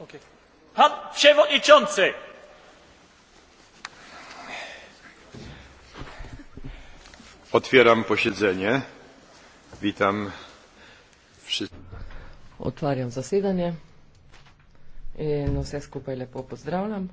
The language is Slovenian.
Okay. Pan przewodniczący. Otwieram posiedzenie. Witam wszystkich. Otwieram zasiedzenie. No, wszystko lepo pozdrawiam.